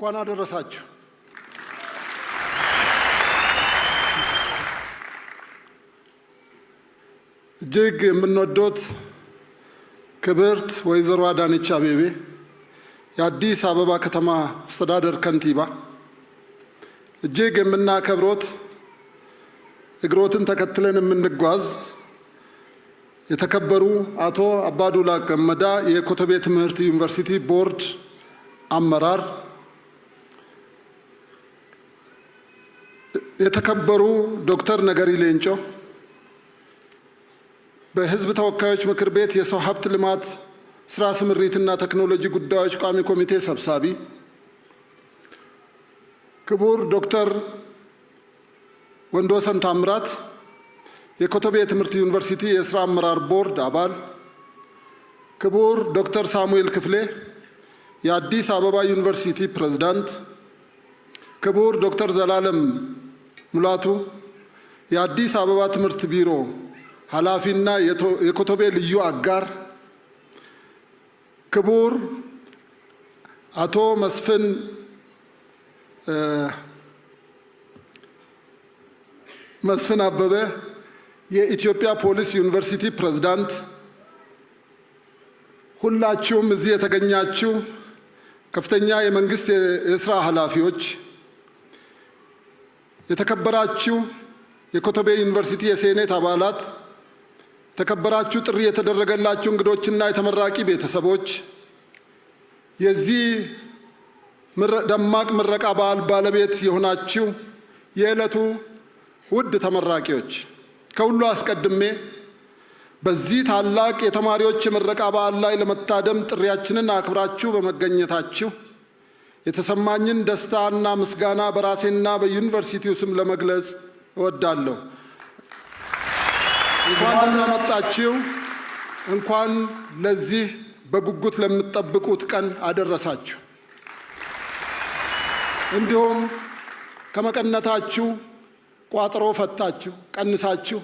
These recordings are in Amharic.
እንኳን አደረሳችሁ። እጅግ የምንወዶት ክብርት ወይዘሮ አዳነች አቤቤ የአዲስ አበባ ከተማ አስተዳደር ከንቲባ፣ እጅግ የምናከብሮት እግሮትን ተከትለን የምንጓዝ የተከበሩ አቶ አባዱላ ገመዳ የኮተቤ ትምህርት ዩኒቨርሲቲ ቦርድ አመራር የተከበሩ ዶክተር ነገሪ ሌንጮ በህዝብ ተወካዮች ምክር ቤት የሰው ሀብት ልማት ስራ ስምሪትና ቴክኖሎጂ ጉዳዮች ቋሚ ኮሚቴ ሰብሳቢ፣ ክቡር ዶክተር ወንዶሰን ታምራት የኮተቤ ትምህርት ዩኒቨርሲቲ የስራ አመራር ቦርድ አባል፣ ክቡር ዶክተር ሳሙኤል ክፍሌ የአዲስ አበባ ዩኒቨርሲቲ ፕሬዝዳንት፣ ክቡር ዶክተር ዘላለም ሙላቱ፣ የአዲስ አበባ ትምህርት ቢሮ ኃላፊና የኮተቤ ልዩ አጋር ክቡር አቶ መስፍን መስፍን አበበ የኢትዮጵያ ፖሊስ ዩኒቨርሲቲ ፕሬዝዳንት፣ ሁላችሁም እዚህ የተገኛችሁ ከፍተኛ የመንግስት የስራ ኃላፊዎች የተከበራችሁ የኮተቤ ዩኒቨርሲቲ የሴኔት አባላት፣ የተከበራችሁ ጥሪ የተደረገላችሁ እንግዶችና የተመራቂ ቤተሰቦች፣ የዚህ ደማቅ ምረቃ በዓል ባለቤት የሆናችሁ የዕለቱ ውድ ተመራቂዎች፣ ከሁሉ አስቀድሜ በዚህ ታላቅ የተማሪዎች የምረቃ በዓል ላይ ለመታደም ጥሪያችንን አክብራችሁ በመገኘታችሁ የተሰማኝን ደስታና ምስጋና በራሴና በዩኒቨርሲቲው ስም ለመግለጽ እወዳለሁ። እንኳን ለመጣችሁ፣ እንኳን ለዚህ በጉጉት ለምትጠብቁት ቀን አደረሳችሁ። እንዲሁም ከመቀነታችሁ ቋጥሮ ፈታችሁ ቀንሳችሁ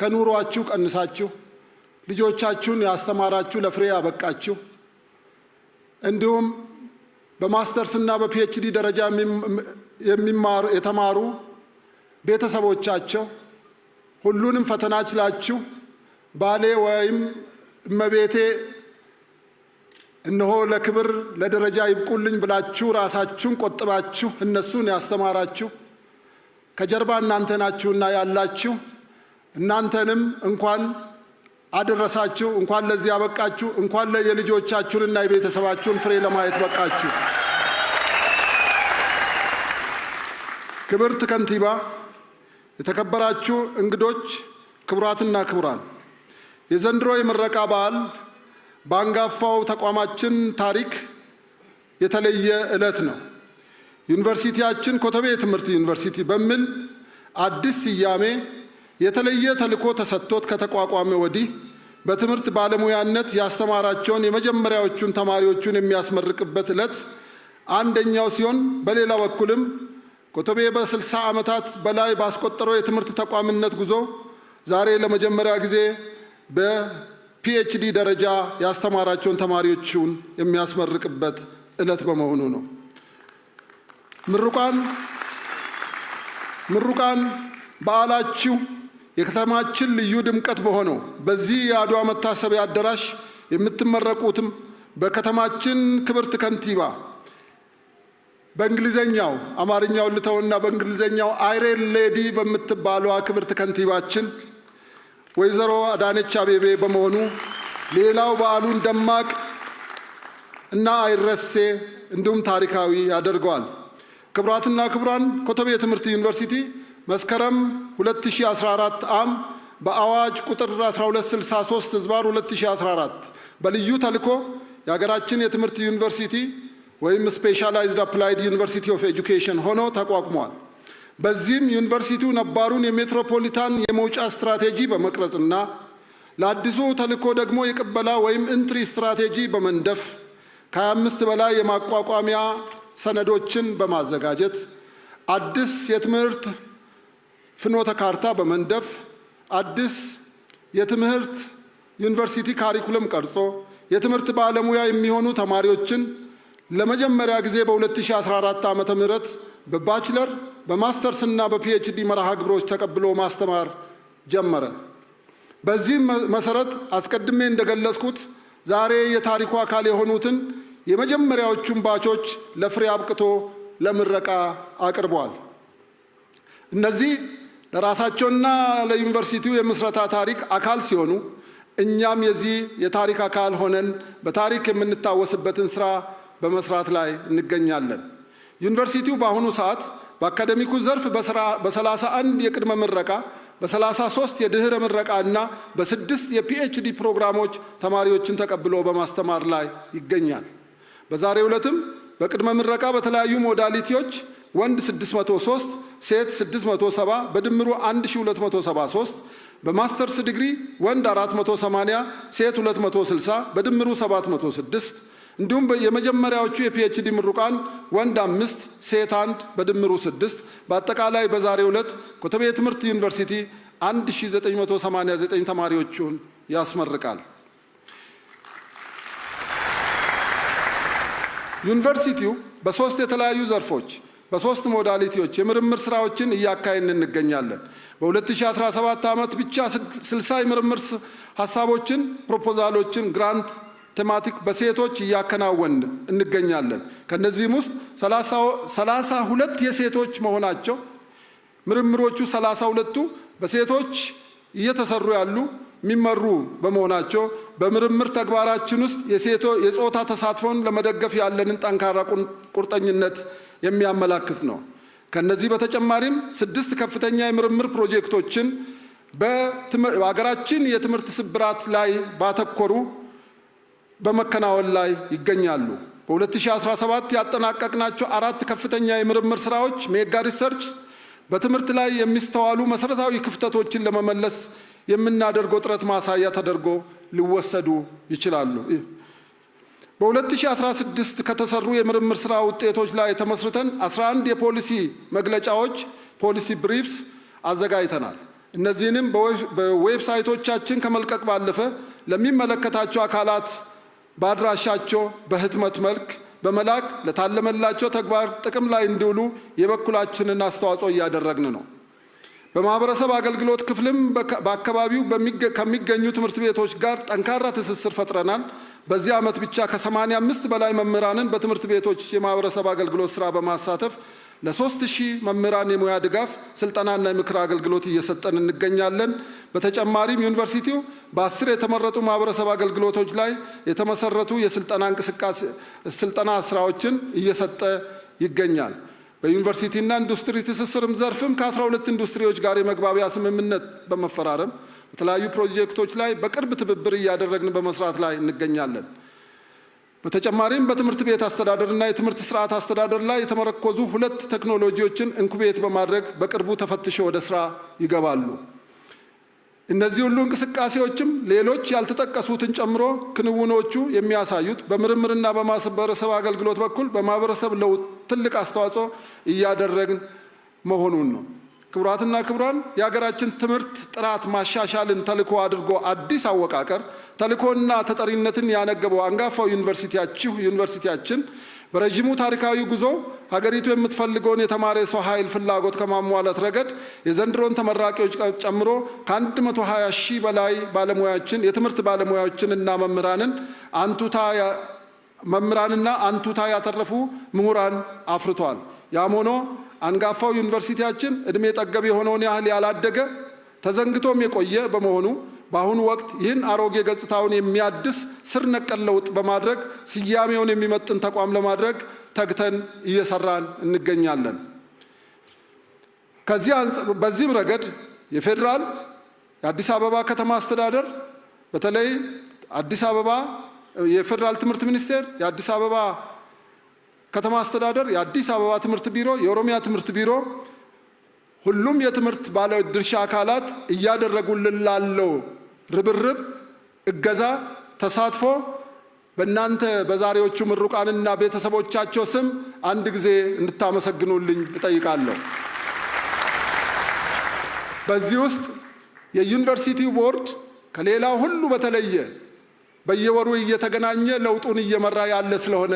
ከኑሯችሁ ቀንሳችሁ ልጆቻችሁን ያስተማራችሁ ለፍሬ ያበቃችሁ እንዲሁም በማስተርስ እና በፒኤችዲ ደረጃ የሚማሩ የተማሩ ቤተሰቦቻቸው ሁሉንም ፈተና ችላችሁ ባሌ ወይም እመቤቴ እነሆ ለክብር ለደረጃ ይብቁልኝ ብላችሁ ራሳችሁን ቆጥባችሁ እነሱን ያስተማራችሁ ከጀርባ እናንተ ናችሁና ያላችሁ እናንተንም እንኳን አደረሳችሁ፣ እንኳን ለዚህ ያበቃችሁ፣ እንኳን የልጆቻችሁንና የቤተሰባችሁን ፍሬ ለማየት በቃችሁ። ክብርት ከንቲባ፣ የተከበራችሁ እንግዶች፣ ክቡራትና ክቡራን፣ የዘንድሮ የምረቃ በዓል በአንጋፋው ተቋማችን ታሪክ የተለየ ዕለት ነው። ዩኒቨርሲቲያችን ኮተቤ የትምህርት ዩኒቨርሲቲ በሚል አዲስ ስያሜ የተለየ ተልዕኮ ተሰጥቶት ከተቋቋመ ወዲህ በትምህርት ባለሙያነት ያስተማራቸውን የመጀመሪያዎቹን ተማሪዎቹን የሚያስመርቅበት ዕለት አንደኛው ሲሆን በሌላ በኩልም ኮተቤ በ60 ዓመታት በላይ ባስቆጠረው የትምህርት ተቋምነት ጉዞ ዛሬ ለመጀመሪያ ጊዜ በፒኤችዲ ደረጃ ያስተማራቸውን ተማሪዎቹን የሚያስመርቅበት ዕለት በመሆኑ ነው። ምሩቃን ምሩቃን በዓላችሁ የከተማችን ልዩ ድምቀት በሆነው በዚህ የአድዋ መታሰቢያ አዳራሽ የምትመረቁትም በከተማችን ክብርት ከንቲባ በእንግሊዘኛው አማርኛው ልተውና በእንግሊዘኛው አይሬን ሌዲ በምትባሏ ክብርት ከንቲባችን ወይዘሮ አዳነች አቤቤ በመሆኑ ሌላው በዓሉን ደማቅ እና አይረሴ እንዲሁም ታሪካዊ ያደርገዋል። ክቡራትና ክቡራን፣ ኮተቤ የትምህርት ዩኒቨርሲቲ መስከረም 2014 ዓ.ም በአዋጅ ቁጥር 1263 ህዝባር 2014 በልዩ ተልዕኮ የሀገራችን የትምህርት ዩኒቨርሲቲ ወይም ስፔሻላይዝድ አፕላይድ ዩኒቨርሲቲ ኦፍ ኤጁኬሽን ሆኖ ተቋቁሟል። በዚህም ዩኒቨርሲቲው ነባሩን የሜትሮፖሊታን የመውጫ ስትራቴጂ በመቅረጽና ለአዲሱ ተልዕኮ ደግሞ የቅበላ ወይም ኢንትሪ ስትራቴጂ በመንደፍ ከ25 በላይ የማቋቋሚያ ሰነዶችን በማዘጋጀት አዲስ የትምህርት ፍኖተ ካርታ በመንደፍ አዲስ የትምህርት ዩኒቨርሲቲ ካሪኩለም ቀርጾ የትምህርት ባለሙያ የሚሆኑ ተማሪዎችን ለመጀመሪያ ጊዜ በ2014 ዓ ም በባችለር ና በፒኤችዲ መርሃ ግብሮች ተቀብሎ ማስተማር ጀመረ። በዚህም መሰረት አስቀድሜ እንደገለጽኩት ዛሬ የታሪኩ አካል የሆኑትን የመጀመሪያዎቹን ባቾች ለፍሬ አብቅቶ ለምረቃ አቅርቧል። እነዚህ ለራሳቸውና ለዩኒቨርሲቲው የምስረታ ታሪክ አካል ሲሆኑ እኛም የዚህ የታሪክ አካል ሆነን በታሪክ የምንታወስበትን ስራ በመስራት ላይ እንገኛለን። ዩኒቨርሲቲው በአሁኑ ሰዓት በአካደሚኩ ዘርፍ በ31 የቅድመ ምረቃ፣ በ33 የድህረ ምረቃ እና በስድስት የፒኤችዲ ፕሮግራሞች ተማሪዎችን ተቀብሎ በማስተማር ላይ ይገኛል። በዛሬው ዕለትም በቅድመ ምረቃ በተለያዩ ሞዳሊቲዎች ወንድ 603 ሴት 670 በድምሩ 1273 በማስተርስ ዲግሪ ወንድ 480 ሴት 260 በድምሩ 706 እንዲሁም የመጀመሪያዎቹ የፒኤችዲ ምሩቃን ወንድ አምስት ሴት አንድ በድምሩ ስድስት በአጠቃላይ በዛሬው ዕለት ኮተቤ ትምህርት ዩኒቨርሲቲ 1989 ተማሪዎቹን ያስመርቃል። ዩኒቨርሲቲው በሶስት የተለያዩ ዘርፎች በሶስት ሞዳሊቲዎች የምርምር ስራዎችን እያካሄድን እንገኛለን። በ2017 ዓመት ብቻ 60 የምርምር ሀሳቦችን፣ ፕሮፖዛሎችን፣ ግራንት ቴማቲክ በሴቶች እያከናወን እንገኛለን። ከነዚህም ውስጥ 32 የሴቶች መሆናቸው ምርምሮቹ 32ቱ በሴቶች እየተሰሩ ያሉ የሚመሩ በመሆናቸው በምርምር ተግባራችን ውስጥ የሴቶ የጾታ ተሳትፎን ለመደገፍ ያለንን ጠንካራ ቁርጠኝነት የሚያመላክት ነው። ከነዚህ በተጨማሪም ስድስት ከፍተኛ የምርምር ፕሮጀክቶችን በሀገራችን የትምህርት ስብራት ላይ ባተኮሩ በመከናወን ላይ ይገኛሉ። በ2017 ያጠናቀቅናቸው አራት ከፍተኛ የምርምር ስራዎች ሜጋ ሪሰርች በትምህርት ላይ የሚስተዋሉ መሰረታዊ ክፍተቶችን ለመመለስ የምናደርገው ጥረት ማሳያ ተደርጎ ሊወሰዱ ይችላሉ። በ2016 ከተሰሩ የምርምር ስራ ውጤቶች ላይ ተመስርተን 11 የፖሊሲ መግለጫዎች ፖሊሲ ብሪፍስ አዘጋጅተናል። እነዚህንም በዌብሳይቶቻችን ከመልቀቅ ባለፈ ለሚመለከታቸው አካላት በአድራሻቸው በህትመት መልክ በመላክ ለታለመላቸው ተግባር ጥቅም ላይ እንዲውሉ የበኩላችንን አስተዋጽኦ እያደረግን ነው። በማህበረሰብ አገልግሎት ክፍልም በአካባቢው ከሚገኙ ትምህርት ቤቶች ጋር ጠንካራ ትስስር ፈጥረናል። በዚህ ዓመት ብቻ ከ85 በላይ መምህራንን በትምህርት ቤቶች የማህበረሰብ አገልግሎት ስራ በማሳተፍ ለሶስት ሺህ መምህራን የሙያ ድጋፍ ስልጠናና የምክር አገልግሎት እየሰጠን እንገኛለን። በተጨማሪም ዩኒቨርሲቲው በአስር የተመረጡ ማህበረሰብ አገልግሎቶች ላይ የተመሰረቱ የስልጠና እንቅስቃሴ ስልጠና ስራዎችን እየሰጠ ይገኛል። በዩኒቨርሲቲና ኢንዱስትሪ ትስስርም ዘርፍም ከ12 ኢንዱስትሪዎች ጋር የመግባቢያ ስምምነት በመፈራረም በተለያዩ ፕሮጀክቶች ላይ በቅርብ ትብብር እያደረግን በመስራት ላይ እንገኛለን። በተጨማሪም በትምህርት ቤት አስተዳደርና የትምህርት ስርዓት አስተዳደር ላይ የተመረኮዙ ሁለት ቴክኖሎጂዎችን እንኩቤት በማድረግ በቅርቡ ተፈትሾ ወደ ስራ ይገባሉ። እነዚህ ሁሉ እንቅስቃሴዎችም ሌሎች ያልተጠቀሱትን ጨምሮ ክንውኖቹ የሚያሳዩት በምርምርና በማህበረሰብ አገልግሎት በኩል በማህበረሰብ ለውጥ ትልቅ አስተዋጽኦ እያደረግን መሆኑን ነው። ክቡራትና ክቡራን የሀገራችን ትምህርት ጥራት ማሻሻልን ተልኮ አድርጎ አዲስ አወቃቀር ተልዕኮና ተጠሪነትን ያነገበው አንጋፋው ዩኒቨርሲቲያችሁ ዩኒቨርሲቲያችን በረዥሙ ታሪካዊ ጉዞ ሀገሪቱ የምትፈልገውን የተማረ ሰው ኃይል ፍላጎት ከማሟላት ረገድ የዘንድሮን ተመራቂዎች ጨምሮ ከ120 ሺህ በላይ ባለሙያዎችን የትምህርት ባለሙያዎችን እና መምህራንን አንቱታ መምህራንና አንቱታ ያተረፉ ምሁራን አፍርቷል። ያም ሆኖ አንጋፋው ዩኒቨርሲቲያችን እድሜ ጠገብ የሆነውን ያህል ያላደገ ተዘንግቶም የቆየ በመሆኑ በአሁኑ ወቅት ይህን አሮጌ ገጽታውን የሚያድስ ስር ነቀል ለውጥ በማድረግ ስያሜውን የሚመጥን ተቋም ለማድረግ ተግተን እየሰራን እንገኛለን። በዚህም ረገድ የፌዴራል የአዲስ አበባ ከተማ አስተዳደር በተለይ አዲስ አበባ የፌዴራል ትምህርት ሚኒስቴር የአዲስ አበባ ከተማ አስተዳደር፣ የአዲስ አበባ ትምህርት ቢሮ፣ የኦሮሚያ ትምህርት ቢሮ፣ ሁሉም የትምህርት ባለድርሻ አካላት እያደረጉልን ላለው ርብርብ፣ እገዛ፣ ተሳትፎ በእናንተ በዛሬዎቹ ምሩቃንና ቤተሰቦቻቸው ስም አንድ ጊዜ እንድታመሰግኑልኝ እጠይቃለሁ። በዚህ ውስጥ የዩኒቨርሲቲው ቦርድ ከሌላው ሁሉ በተለየ በየወሩ እየተገናኘ ለውጡን እየመራ ያለ ስለሆነ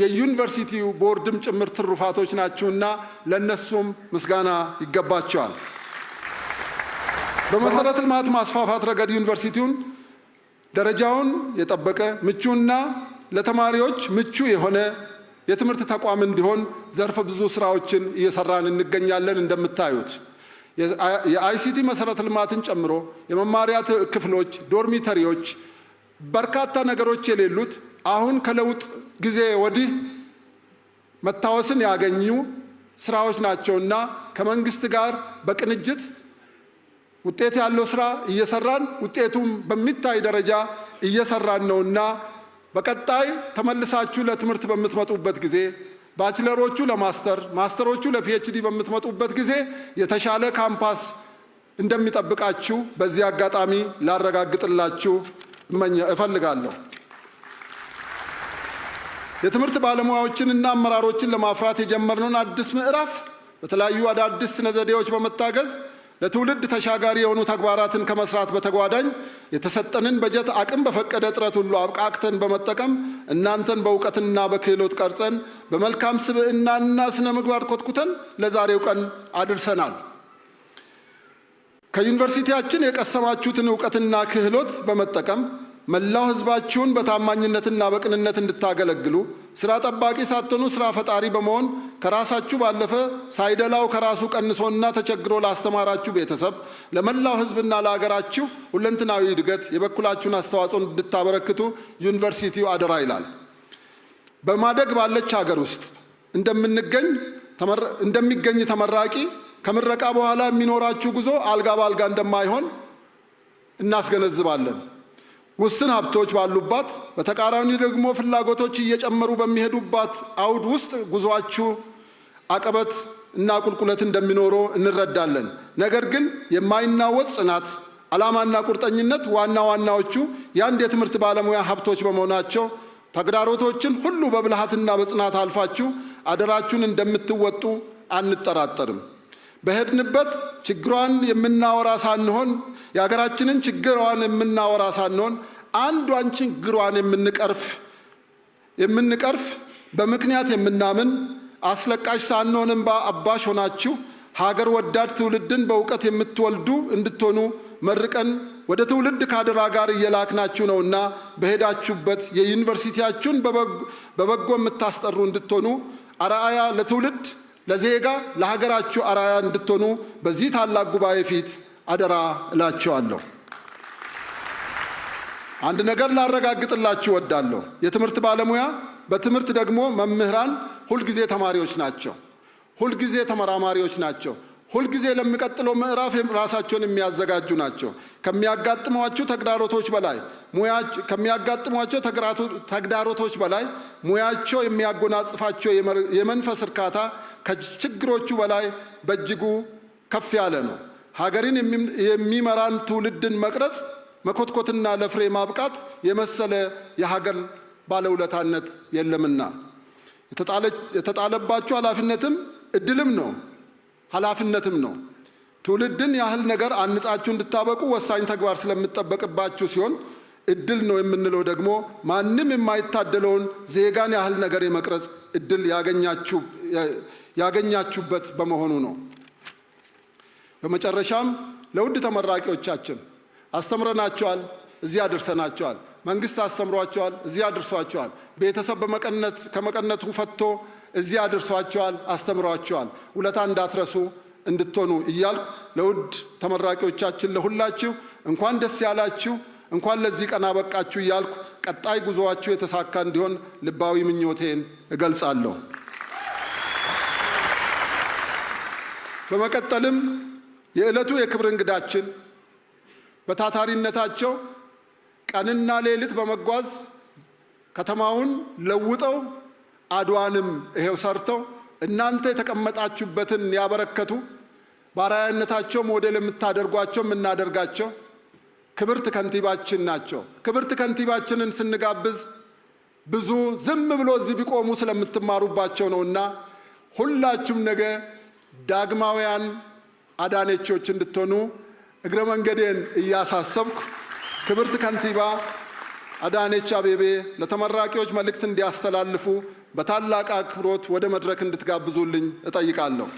የዩኒቨርሲቲው ቦርድም ጭምር ትሩፋቶች ናችሁና ለእነሱም ምስጋና ይገባቸዋል። በመሰረተ ልማት ማስፋፋት ረገድ ዩኒቨርሲቲውን ደረጃውን የጠበቀ ምቹና ለተማሪዎች ምቹ የሆነ የትምህርት ተቋም እንዲሆን ዘርፈ ብዙ ስራዎችን እየሰራን እንገኛለን። እንደምታዩት የአይሲቲ መሰረተ ልማትን ጨምሮ የመማሪያ ክፍሎች፣ ዶርሚተሪዎች፣ በርካታ ነገሮች የሌሉት አሁን ከለውጥ ጊዜ ወዲህ መታወስን ያገኙ ስራዎች ናቸውና ከመንግስት ጋር በቅንጅት ውጤት ያለው ስራ እየሰራን ውጤቱም በሚታይ ደረጃ እየሰራን ነውና በቀጣይ ተመልሳችሁ ለትምህርት በምትመጡበት ጊዜ ባችለሮቹ ለማስተር ማስተሮቹ ለፒኤችዲ በምትመጡበት ጊዜ የተሻለ ካምፓስ እንደሚጠብቃችሁ በዚህ አጋጣሚ ላረጋግጥላችሁ እፈልጋለሁ። የትምህርት ባለሙያዎችንና አመራሮችን ለማፍራት የጀመርነውን አዲስ ምዕራፍ በተለያዩ አዳዲስ ስነ ዘዴዎች በመታገዝ ለትውልድ ተሻጋሪ የሆኑ ተግባራትን ከመስራት በተጓዳኝ የተሰጠንን በጀት አቅም በፈቀደ ጥረት ሁሉ አብቃቅተን በመጠቀም እናንተን በእውቀትና በክህሎት ቀርጸን በመልካም ስብዕናና ስነ ምግባር ኮትኩተን ለዛሬው ቀን አድርሰናል። ከዩኒቨርሲቲያችን የቀሰማችሁትን እውቀትና ክህሎት በመጠቀም መላው ሕዝባችሁን በታማኝነትና በቅንነት እንድታገለግሉ ሥራ ጠባቂ ሳትሆኑ ሥራ ፈጣሪ በመሆን ከራሳችሁ ባለፈ ሳይደላው ከራሱ ቀንሶና ተቸግሮ ላስተማራችሁ ቤተሰብ፣ ለመላው ሕዝብና ለአገራችሁ ሁለንትናዊ እድገት የበኩላችሁን አስተዋጽኦ እንድታበረክቱ ዩኒቨርሲቲው አደራ ይላል። በማደግ ባለች ሀገር ውስጥ እንደምንገኝ እንደሚገኝ ተመራቂ ከምረቃ በኋላ የሚኖራችሁ ጉዞ አልጋ በአልጋ እንደማይሆን እናስገነዝባለን። ውስን ሀብቶች ባሉባት በተቃራኒ ደግሞ ፍላጎቶች እየጨመሩ በሚሄዱባት አውድ ውስጥ ጉዟችሁ አቀበት እና ቁልቁለት እንደሚኖሩ እንረዳለን። ነገር ግን የማይናወጥ ጽናት፣ ዓላማና ቁርጠኝነት ዋና ዋናዎቹ የአንድ የትምህርት ባለሙያ ሀብቶች በመሆናቸው ተግዳሮቶችን ሁሉ በብልሃትና በጽናት አልፋችሁ አደራችሁን እንደምትወጡ አንጠራጠርም። በሄድንበት ችግሯን የምናወራ ሳንሆን የሀገራችንን ችግሯን የምናወራ ሳንሆን አንዷን ችግሯን የምንቀርፍ የምንቀርፍ በምክንያት የምናምን አስለቃሽ ሳንሆን እንባ አባሽ ሆናችሁ ሀገር ወዳድ ትውልድን በእውቀት የምትወልዱ እንድትሆኑ መርቀን ወደ ትውልድ ካደራ ጋር እየላክናችሁ ነውና በሄዳችሁበት የዩኒቨርሲቲያችሁን በበጎ የምታስጠሩ እንድትሆኑ አርአያ ለትውልድ ለዜጋ ለሀገራችሁ አራያ እንድትሆኑ በዚህ ታላቅ ጉባኤ ፊት አደራ እላቸዋለሁ። አንድ ነገር ላረጋግጥላችሁ እወዳለሁ። የትምህርት ባለሙያ በትምህርት ደግሞ መምህራን ሁልጊዜ ተማሪዎች ናቸው፣ ሁልጊዜ ተመራማሪዎች ናቸው፣ ሁልጊዜ ለሚቀጥለው ምዕራፍ ራሳቸውን የሚያዘጋጁ ናቸው። ከሚያጋጥሟቸው ተግዳሮቶች በላይ ከሚያጋጥሟቸው ተግዳሮቶች በላይ ሙያቸው የሚያጎናጽፋቸው የመንፈስ እርካታ ከችግሮቹ በላይ በእጅጉ ከፍ ያለ ነው። ሀገርን የሚመራን ትውልድን መቅረጽ፣ መኮትኮትና ለፍሬ ማብቃት የመሰለ የሀገር ባለውለታነት የለምና የተጣለባቸው ኃላፊነትም እድልም ነው፣ ኃላፊነትም ነው። ትውልድን ያህል ነገር አንጻችሁ እንድታበቁ ወሳኝ ተግባር ስለምጠበቅባችሁ ሲሆን እድል ነው የምንለው ደግሞ ማንም የማይታደለውን ዜጋን ያህል ነገር የመቅረጽ እድል ያገኛችሁ ያገኛችሁበት በመሆኑ ነው። በመጨረሻም ለውድ ተመራቂዎቻችን አስተምረናቸዋል፣ እዚያ አድርሰናቸዋል። መንግስት አስተምሯቸዋል፣ እዚያ አድርሷቸዋል። ቤተሰብ በመቀነት ከመቀነቱ ፈቶ እዚያ አድርሷቸዋል፣ አስተምሯቸዋል። ውለታ እንዳትረሱ እንድትሆኑ እያልኩ ለውድ ተመራቂዎቻችን ለሁላችሁ እንኳን ደስ ያላችሁ፣ እንኳን ለዚህ ቀን አበቃችሁ እያልኩ ቀጣይ ጉዞዋችሁ የተሳካ እንዲሆን ልባዊ ምኞቴን እገልጻለሁ። በመቀጠልም የዕለቱ የክብር እንግዳችን በታታሪነታቸው ቀንና ሌሊት በመጓዝ ከተማውን ለውጠው አድዋንም ይሄው ሰርተው እናንተ የተቀመጣችሁበትን ያበረከቱ ባራያነታቸው ሞዴል የምታደርጓቸው የምናደርጋቸው ክብርት ከንቲባችን ናቸው። ክብርት ከንቲባችንን ስንጋብዝ ብዙ ዝም ብሎ እዚህ ቢቆሙ ስለምትማሩባቸው ነውና ሁላችሁም ነገ ዳግማውያን አዳነቾች እንድትሆኑ እግረ መንገዴን እያሳሰብኩ ክብርት ከንቲባ አዳነች አቤቤ ለተመራቂዎች መልእክት እንዲያስተላልፉ በታላቅ አክብሮት ወደ መድረክ እንድትጋብዙልኝ እጠይቃለሁ።